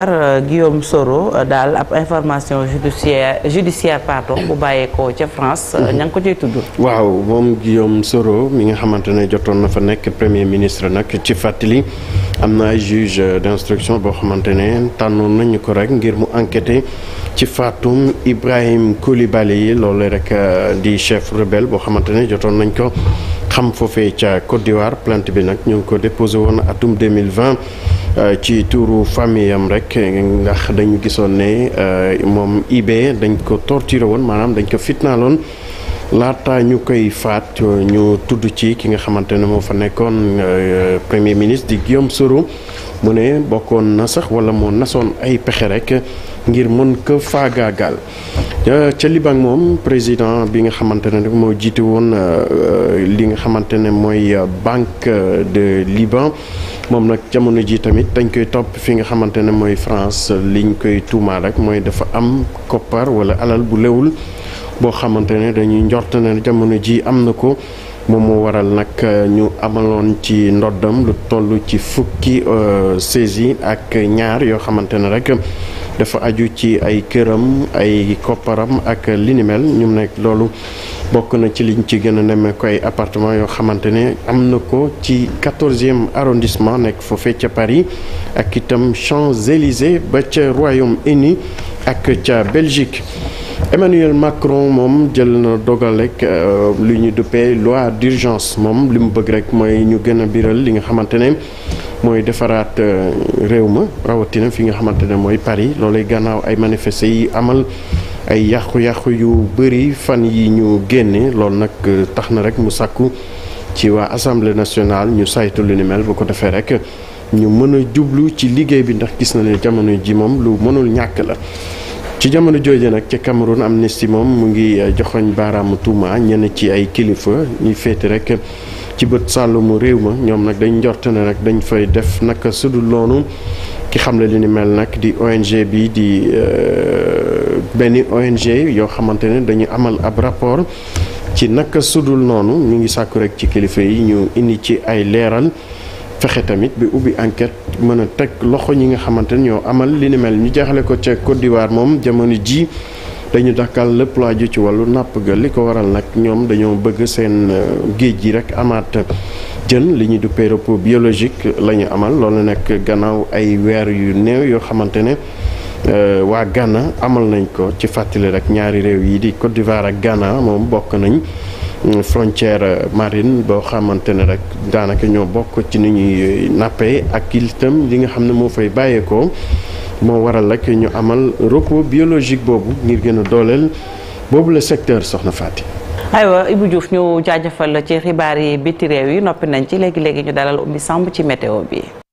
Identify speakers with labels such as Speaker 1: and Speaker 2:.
Speaker 1: par Soro euh, daal ab information judiciaire judiciaire pardon bu bàyyeekoo ca France. Euh, ña ngi ko cay tudd. waaw moom Guillaume Soro mi nga xamante ne jotoon na fa nekk premier ministre nag ci fàttali am na ay juge d'instruction boo xamante ne tànnoon nañu ko rek ngir mu enquêter ci faatum Ibrahim yi loolu rek euh, di chef rebelle boo xamante ne jotoon nañ ko. xam foofee ca Côte d'Ivoire plante bi nag ñu ngi ko déposé woon atum 2020 euh, ci tuuru famille am rek ndax dañu gisoon ne euh, moom IB dañ ko torturé woon maanaam dañ ko fitnaaloon laata ñu koy faat ñu tudd ci ki nga xamante ne moo fa nekkoon euh, premier ministre di Guillaume Soro mu ne bokkoon na sax wala moo nasoon ay pexe rek ngir mën ko faagaagal ca Liban moom président bi nga xamante ne moo jiite woon euh, li nga xamante ne mooy euh, banque de Liban moom nag jamono ji tamit dañ koy topp fi nga xamante ne mooy France liñ koy tuumaal rek mooy dafa am koppar wala alal bu lewul boo xamante ne dañuy njort ne jamono ji am na ko. moom moo waral nag euh, ñu amaloon ci ndoddam lu toll ci fukki euh, saisi ak ñaar yoo xamante ne rek dafa aju ci ay këram ay kopparam ak li ñu nekk loolu bokk na ci liñ ci gën a nemmee ko yoo xamante ne am na ko ci quatorzième arrondissement nekk foofee ca Paris ak itam Champs-Élysées ba ca Royaume-Uni ak ca Belgique Emmanuel Macron moom jël na dogal rek euh, lu ñu duppee loi d'urgence moom li mu bëgg rek mooy ñu gën a biral li nga xamante ne mooy defaraat euh, réew ma rawatina fi nga xamante ne mooy Paris loolay gannaaw ay manifesté yi amal ay yàqu-yàqu yu bëri fan yi ñu génne loolu nag euh, tax na rek mu sàkku ci waa assemblée nationale ñu saytu lu ni mel bu ko defee rek ñu mën a jublu ci liggéey bi ndax gis na ne jamono ji moom lu mënul ñàkk la ci jamono jooju nag ca am nisti moom mu ngi eh, joxoñ baaraamu tuuma ñenn ci ay kilifa ñuy féete rek ci bët sàllumu réew ma ñoom nag dañ njort ne nag dañ fay def naka sudul loonu ki xam ne li ni mel nag di ONG bi di eh, benn ONG yoo xamante ne dañu amal ab rapport ci naka sudul noonu ñu ngi sàkku rek ci kilifa yi ñu indi ci ay leeral fexe tamit bi ubbi enquête mën a teg loxo ñi nga xamante ne ñoo amal li ni mel ñu jeexale ko ca Côte d'Ivoire moom jamono ji dañu dakkal lépp laa ju ci wàllu napp ga li ko waral nag ñoom dañoo bëgg seen euh, géej gi rek amaat jën li ñu duppee repos biologique la ñu amal loolu nag gannaaw ay weer yu néew yoo xamante ne euh, waa Ghana amal nañ ko ci fàttali rek ñaari réew yi di Côte d'Ivoire ak Ghana moom bokk nañ frontière marine boo xamante ne rek daanaka ñoo bokk ci ni ñuy nappee ak itam li nga xam ne moo fay bàyyeekoo moo waral rek ñu amal repos biologique boobu ngir gën a dooleel boobu la secteur soxna Fati. aywa Ibou Diouf ñu jaajëfal ci xibaar yi biti réew yi noppi nañ ci léegi léegi ñu dalal Oumy Samb ci météo bi.